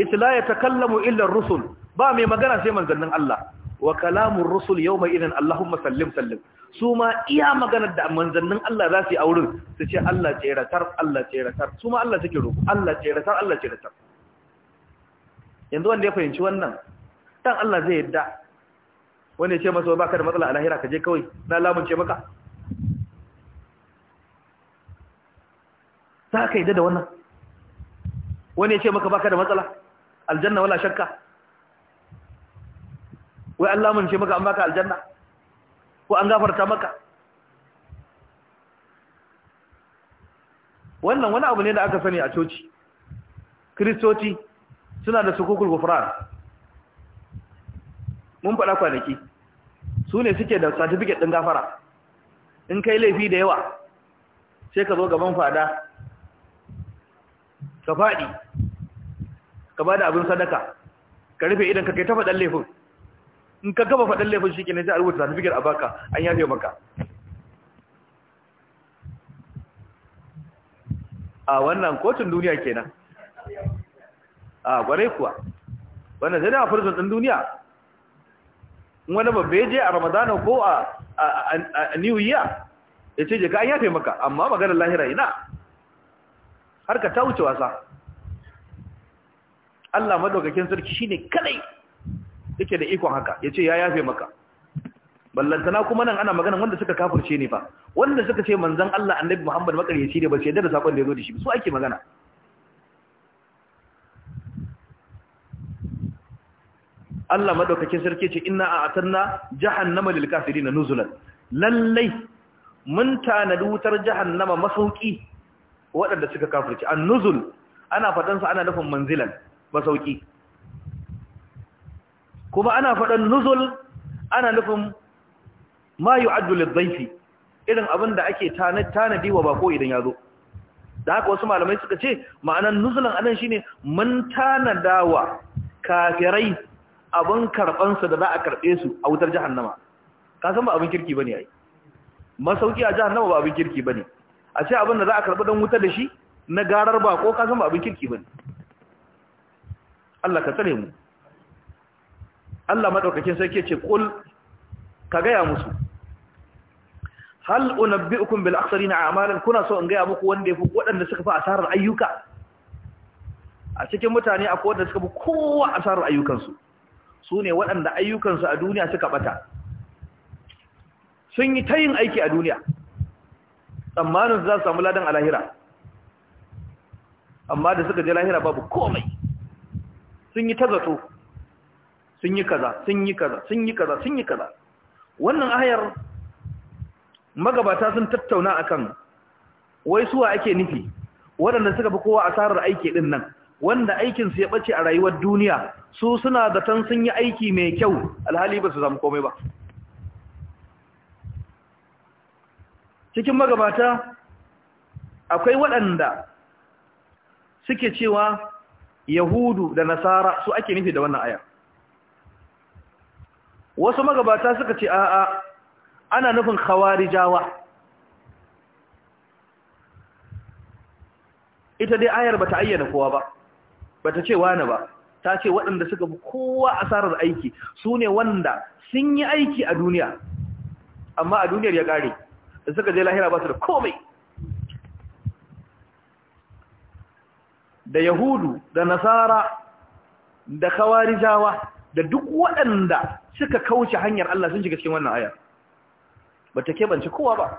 yace la yatakallamu illa ar-rusul ba mai magana sai manzannin Allah wa kalamur rusul yawma idan Allahumma sallim sallim su ma iya magana da manzannin Allah za su yi a wurin su ce Allah ce ratar Allah ce ratar su ma Allah take roƙo Allah ce ratar Allah ce ratar yanzu wanda ya fahimci wannan dan Allah zai yadda wani ce masa baka da matsala a lahira ka je kawai na lamunce maka za ka yi da wannan wani ce maka baka da matsala aljanna wala shakka wai an lamunce maka an baka aljanna ko an gafarta maka wannan wani abu ne da aka sani a coci kiristoci suna da sukukul gufran mun faɗa kwanaki su ne suke da certificate ɗin gafara in kai laifi da yawa sai ka zo gaban fada ka faɗi ka ba da abin sadaka ka rufe idan ka kai ta faɗin laifin in ka gaba faɗin laifin shi kenan sai a rubuta certificate a baka an yafe maka a wannan kotun duniya kenan a kwarai kuwa wannan zai da a furzun ɗin duniya wani babba ya je a ramadana ko a new year ya ce jika an yafe maka amma maganar lahira ina har ka ta wuce wasa Allah madaukakin sarki shi ne kadai yake da ikon haka Ya ce ya yafe maka ballantana kuma nan ana magana wanda suka kafirce ne fa wanda suka ce manzan Allah annabi Muhammad makaryaci ne ba sai da sakon da ya zo da shi su ake magana Allah madaukakin sarki ce inna a atanna jahannama lil kafirin nuzulan lallai mun tanadi wutar jahannama masauki waɗanda suka kafirci an-nuzul ana fadan sa ana nufin manzilan masauki kuma ana fadan nuzul ana nufin ma yu'addu lil dhayfi irin abin da ake tanadi wa bako idan ya zo da haka wasu malamai suka ce ma'anan nuzulan anan shine mun tanadawa kafirai abin karɓansa da za a karɓe su a wutar jahannama ka san ba abin kirki ba ne ai masauki a jahannama ba abin kirki ba ne a ce abin da za a karɓi don wuta da shi na garar ba ko ka san ba abin kirki ba ne Allah ka tsare mu Allah maɗaukakin sarki ce ƙul ka gaya musu hal ukun bil na amalin kuna so in gaya muku wanda ya fi waɗanda suka fi asarar ayyuka a cikin mutane akwai waɗanda suka fi kowa asarar ayyukansu su ne waɗanda ayyukansu a duniya suka ɓata sun yi ta yin aiki a duniya tsammanin za su samu ladan a lahira amma da suka je lahira babu komai sun yi ta zato sun yi kaza sun yi kaza sun yi kaza sun yi kaza wannan ayar magabata sun tattauna akan wai suwa ake nufi waɗanda suka fi kowa asarar aiki ɗin nan wanda aikinsu ya ɓace a rayuwar duniya su suna zaton sun yi aiki mai kyau alhali ba su zama komai ba cikin magabata akwai waɗanda suke cewa yahudu da nasara su ake nufi da wannan aya wasu magabata suka ce a'a ana nufin khawarijawa ita dai ayar bata ayyana kowa ba bata ce wani ba ta ce waɗanda suka fi kowa asarar aiki su ne wanda sun yi aiki a duniya amma a duniyar ya ƙare da suka je lahira ba su da komai da yahudu da nasara da kawarijawa da duk waɗanda suka kauce hanyar Allah sun shiga cikin wannan aya ba ta keɓance kowa ba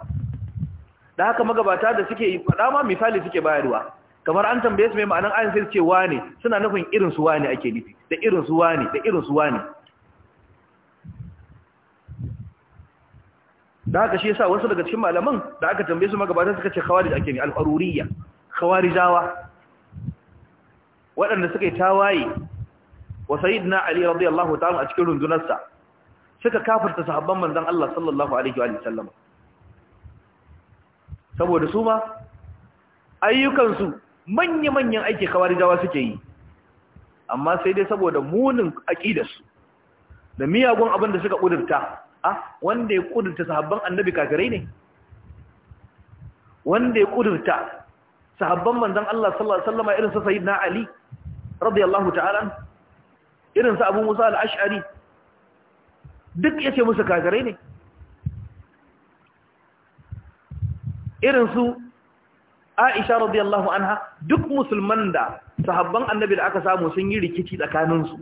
da haka magabata da suke yi faɗa ma misali suke bayarwa kamar an tambaye su mai ma'anan ayin sai ce wane suna nufin irin su wane ake nufi da irin su wane da irin su wane da haka shi yasa wasu daga cikin malaman da aka tambaye su magabata suka ce khawarij ake ne al-qaruriyya khawarijawa waɗanda suka yi tawaye wa sayyidina ali radiyallahu ta'ala a cikin rundunarsa suka kafirta sahabban manzon Allah sallallahu alaihi wa sallam saboda su ma ayyukansu manya-manyan aiki kawarijawa suke yi amma sai dai saboda munin aƙidarsu da miyagun abin da suka ƙudurta wanda ya ƙudurta sahabban annabi kafirai ne wanda ya ƙudurta sahabban manzan Allah sallama irin sa sayi na Ali radiyallahu ta'ala irin sa abu musa al'ash'ari duk ya ce musu kafirai ne irinsu Aisha radiyallahu anha duk musulman da sahabban annabi da aka samu sun yi rikici tsakaninsu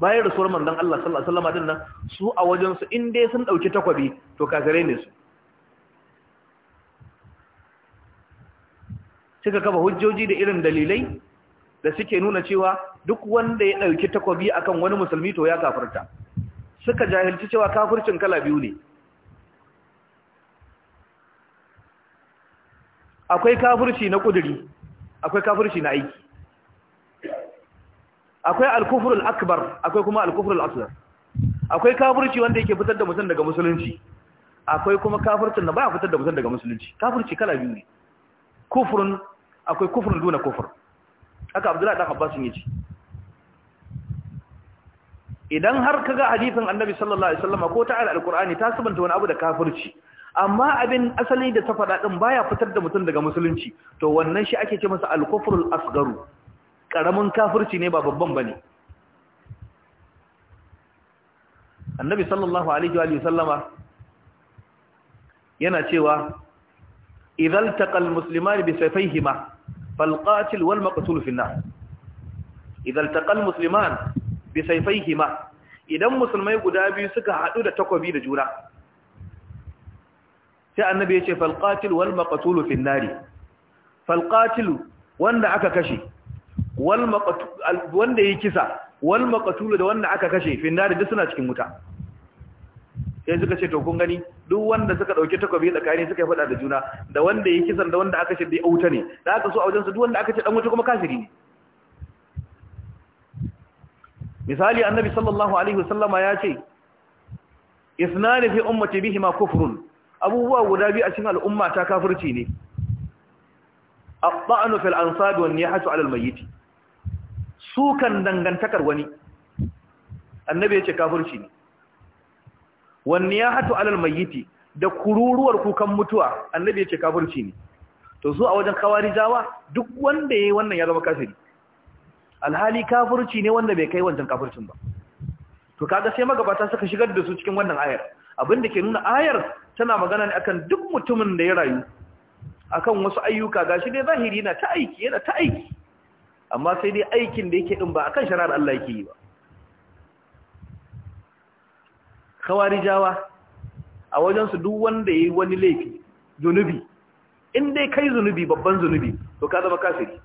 bayan rasuwar manzon Allah sallallahu alaihi wasallam dinnan su a wajen su in dai sun dauki takwabi to kafare ne su Cika kafa hujjoji da irin dalilai da suke nuna cewa duk wanda ya dauki takwabi akan wani musulmi to ya kafirta suka jahilci cewa kafircin kala biyu ne akwai kafirci na kuduri akwai kafirci na aiki akwai alkufrul akbar akwai kuma alkufrul asghar akwai kafirci wanda yake fitar da mutum daga musulunci akwai kuma kafircin da baya fitar da mutum daga musulunci kafirci kala biyu ne kufrun akwai kufrun duna kufur haka abdullahi dan abbas yace idan har kaga hadisin annabi sallallahu alaihi wasallam ko ta alqur'ani ta sabanta wani abu da kafirci amma abin asali da ta faɗa ɗin baya fitar da mutum daga musulunci to wannan shi ake ce masa alkufrul asgaru ƙaramin kafirci ne ba babban ba ne annabi sallallahu alaihi wa sallama yana cewa idan taqal musliman bi sayfayhima fal qatil wal maqtul fi an-nar idan taqal musliman bi sayfayhima idan musulmai guda biyu suka haɗu da takobi da juna sai annabi ya ce falqatil wal maqtul fi nari falqatil wanda aka kashe wal maqtul wanda yake kisa wal maqtul da wanda aka kashe fi nari duk suna cikin wuta sai suka ce to kun gani duk wanda suka dauke takobi tsakani suka faɗa da juna da wanda yake kisan da wanda aka ce dai auta ne da aka so a wajen su duk wanda aka ce dan wuta kuma kafiri ne misali annabi sallallahu alaihi wasallama ya ce isnani fi ummati bihima kufrun abubuwa guda biyu a cikin al'umma ta kafirci ne at-ta'nu fil ansab ya nihatu 'ala al-mayyit sukan dangantakar wani annabi ya ce kafirci ne wa ya 'ala al-mayyit da kururuwar kukan mutuwa annabi ya ce kafirci ne to su a wajen kawarijawa duk wanda ya yi wannan ya zama kafiri alhali kafirci ne wanda bai kai wancan kafircin ba to kaga sai magabata suka shigar da su cikin wannan ayar abin da ke nuna ayar tana magana ne akan duk mutumin da ya rayu akan wasu ayyuka gashi dai zahiri na ta aiki yana ta aiki amma sai dai aikin da yake din ba akan sharar Allah yake yi ba khawarijawa a wajen su duk wanda yayi wani laifi zunubi in dai kai zunubi babban zunubi to ka zama kafiri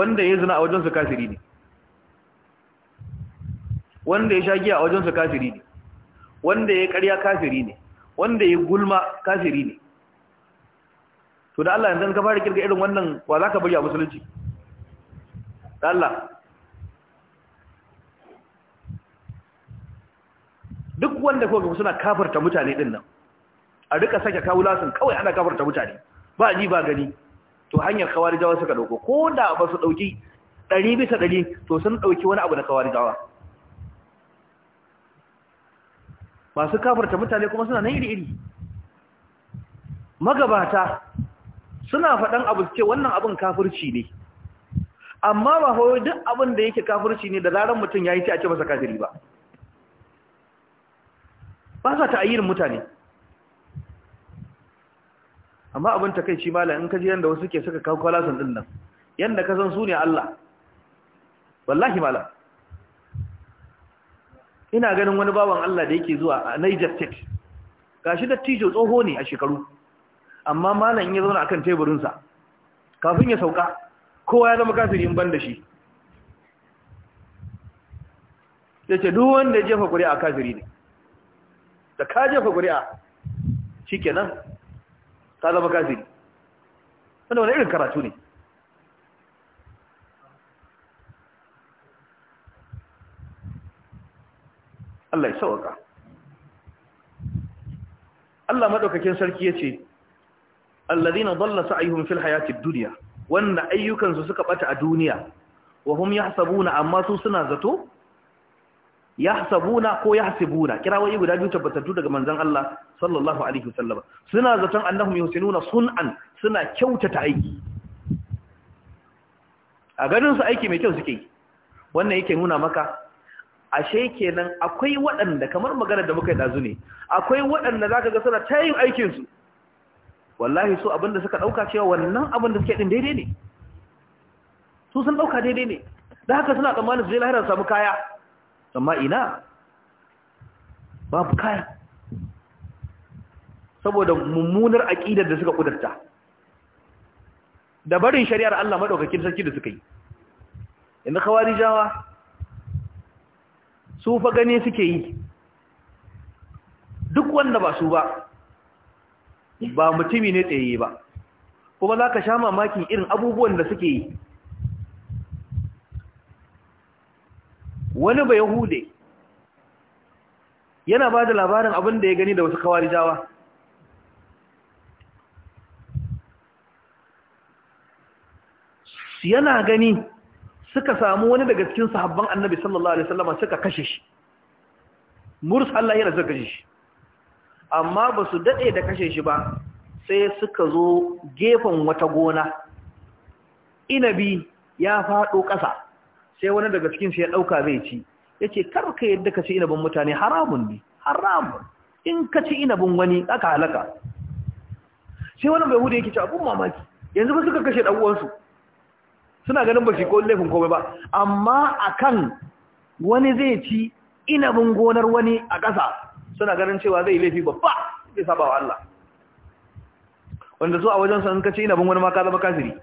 wanda ya zina a wajen su kafiri ne wanda ya sha giya a wajensa kafiri ne wanda ya karya kafiri ne wanda ya gulma kafiri ne to da Allah yanzu ka fara kirga irin wannan wa za ka bari a musulunci da Allah duk wanda kuka suna kafarta mutane din nan a duka sake kawulasin kawai ana kafarta mutane ba ji ba gani to hanyar kawarijawa suka dauko ko da ba su dauki ɗari bisa ɗari, to sun dauki wani abu na kawarijawa masu kafarta mutane kuma suna nan iri-iri magabata suna faɗan abu ce wannan abin kafirci ne amma ba hau duk abin da yake kafirci ne da zarar mutum ya yi ce a ce masa kafiri ba ba sa ayyirin mutane amma abin ta kai ci mala in kaji yadda wasu ke suka kawo kwalasan ɗin nan yadda ka san su ne Allah wallahi mala ina ganin wani bawan Allah da yake zuwa a Niger State gashi da tijo tsoho ne a shekaru amma malam in ya zauna akan teburinsa kafin ya sauka kowa ya zama kasiri in ban da shi yace duk wanda jefa ƙuri'a kasiri ne da ka jefa ƙuri'a shikenan ka zama kasiri. wanda wani irin karatu ne Allah ya sauka Allah madaukakin sarki ya ce, yace alladhina dhalla sa'yuhum fil hayati ad-dunya wanda ayyukansu suka ɓata a duniya wa hum yahsabuna amma su suna zato ya yahsabuna ko ya yahsibuna kirawoyi guda biyu tabbatattu daga manzan Allah sallallahu alaihi wasallam suna zaton annahum yusinuna sun'an suna kyautata aiki a ganin su aiki mai kyau suke yi wannan yake nuna maka ashe kenan akwai waɗanda kamar magana da muka yi ɗazu ne akwai waɗanda za ka ga suna ta yin aikinsu wallahi su abinda suka ɗauka cewa wannan abin da suke ɗin daidai ne su sun ɗauka daidai ne da haka suna tsammanin su je lahirar samu kaya amma ina babu kaya saboda mummunar aƙidar da suka ƙudurta da barin shari'ar Allah maɗaukakin sarki da suka yi inda kawari jawa su fa gane suke yi duk wanda ba su ba ba mutumi ne tsaye ba kuma za ka sha mamakin irin abubuwan da suke yi wani ba yahude yana ba da labarin abin da ya gani da wasu kawari jawa yana gani suka samu wani daga cikin sahabban annabi sallallahu alaihi wasallam suka kashe shi murs Allah ya zaka shi amma ba su dade da kashe shi ba sai suka zo gefen wata gona inabi ya fado kasa sai wani daga cikin su ya dauka zai ci yace kar ka yadda ka ci inabin mutane haramun ne haramun in ka ci inabin wani aka halaka sai wani bai hude yake ci abun mamaki yanzu ba suka kashe dan uwansu suna ganin ba shi ko laifin komai ba amma akan wani zai ci inabin gonar wani a ƙasa suna ganin cewa zai laifi babba zai saba wa Allah wanda zuwa a wajen san kace inabin wani ma ka zama kafiri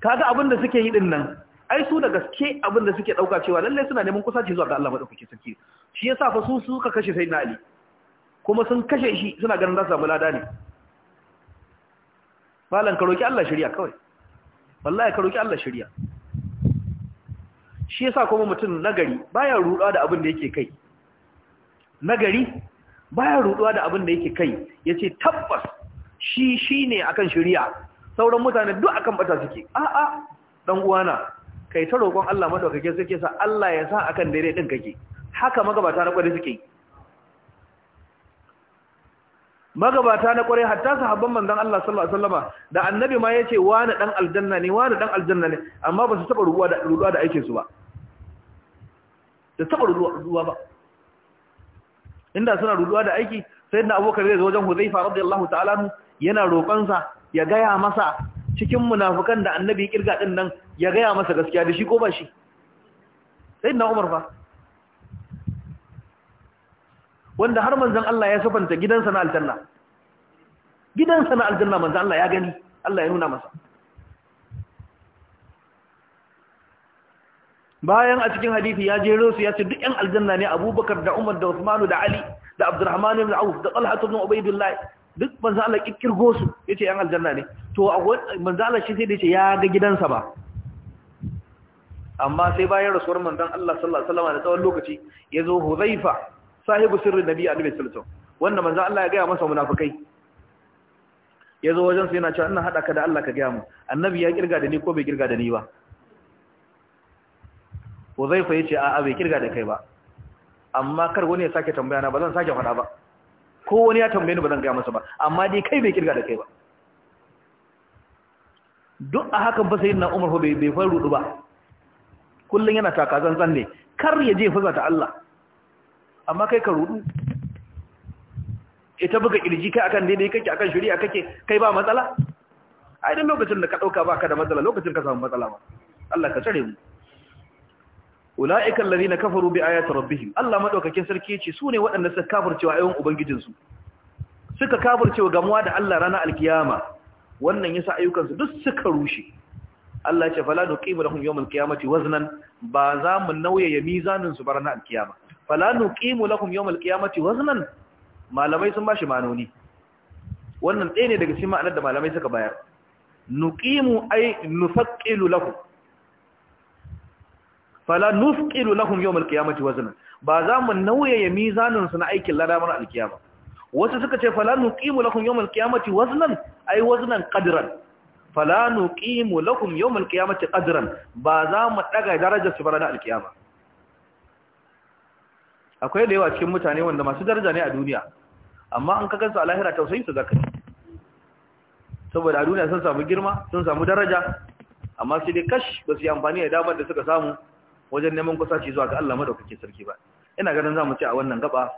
kaga abin da suke yi din nan ai su da gaske abin da suke dauka cewa lalle suna neman kusaci zuwa ga Allah madaukake sarki shi yasa fa su suka kashe sayyidina Ali kuma sun kashe shi suna ganin za su samu lada ne falon ka roƙi Allah shirya kawai wallahi ka roƙi Allah shirya. shi yasa kuma mutum nagari baya ruɗuwa da abin da yake kai nagari baya ruɗuwa da abin da yake kai yace tabbas shi shine akan shirya sauran mutane duk akan bata suke a a dan uwana kai ta roƙon Allah madaukake suke sa Allah ya sa akan daidai din kake haka magabata na kwari suke yi magabata na ƙwarai, hatta sahabban manzon Allah sallallahu alaihi wasallama da annabi ma yace wani dan aljanna ne wani dan aljanna ne amma ba su taba ruwa da ruwa da aikin su ba da taba ruwa ba inda suna ruwa da aiki sayyidina abubakar zai zo wajen huzaifa radiyallahu ta'ala yana roƙon sa ya gaya masa cikin munafukan da annabi kirga din nan ya gaya masa gaskiya da shi ko ba shi sayyidina umar fa wanda har manzon Allah ya sufanta gidansa na aljanna gidansa na aljanna manzon Allah ya gani Allah ya nuna masa bayan a cikin hadisi ya jero su ya ce duk ƴan aljanna ne abubakar da umar da usmanu da ali da abdurrahman ibn auf da talha ibn ubaydillah duk manzo Allah kirkirgo su yace ƴan aljanna ne to manzo Allah shi sai da yace ya ga gidansa ba amma sai bayan rasuwar manzon Allah sallallahu alaihi wasallam da tsawon lokaci yazo huzaifa sahibu sirrin nabi annabi sallallahu alaihi wasallam wanda manzo Allah ya gaya masa munafikai yazo wajen sa yana cewa ina hada ka da Allah ka gaya mu annabi ya kirga da ni ko bai kirga da ni ba Huzaifa yace a'a bai kirga da kai ba amma kar wani ya sake tambaya na ba zan sake faɗa ba ko wani ya tambaye ni ba zan gaya masa ba amma dai kai bai kirga da kai ba duk a hakan ba sayyidina Umar ko bai bai faru ba kullun yana taka zan ne kar ya je fusa ta Allah amma kai ka rudu ita buga kirji kai akan daidai kake akan shari'a kake kai ba matsala ai dan lokacin da ka dauka ka da matsala lokacin ka samu matsala ba Allah ka tsare mu ulaiikal ladina kafaru bi ayati rabbihim Allah madaukakin sarki yace su ne waɗanda suka kafircewa ayoyin ubangijinsu suka kafircewa gamuwa da Allah ranar alkiyama wannan yasa ayyukan su duk suka rushe Allah ya ce fala nuqimu lahum yawmal qiyamati waznan ba za mu nauye ya mizanin su barana alkiyama fala nuqimu lakum yawmal qiyamati wasnan, malamai sun ba shi manoni wannan ɗaya ne daga cikin ma'anar da malamai suka bayar nuqimu ay nufaqqilu lakum fala nufqilu lahum yawm alqiyamati wazna ba za mu nauyaya mizanin su na aikin ladamar alkiyama wasu suka ce fala nuqimu lahum yawm alqiyamati wasnan, ay wasnan qadran fala nuqimu lahum yawm alqiyamati qadran ba za mu ɗaga darajar su bara na alkiyama akwai da yawa cikin mutane wanda masu daraja ne a duniya amma an ka su a lahira tausayin su zaka saboda a duniya sun samu girma sun samu daraja amma sai dai kash ba su yi amfani da damar da suka samu wajen neman kusaci zuwa ga Allah madaukake sarki ba ina ganin zamu ci a wannan gaba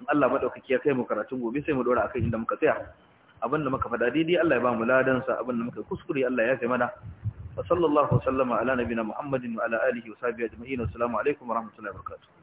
in Allah madaukake ya kai mu karatun gobe sai mu dora akan inda muka tsaya abinda muka fada daidai Allah ya ba mu ladan sa abinda muka kuskure Allah ya kai mana wa sallallahu wa sallama ala nabina muhammadin wa ala alihi wa sahbihi ajma'in assalamu alaikum wa rahmatullahi wa barakatuh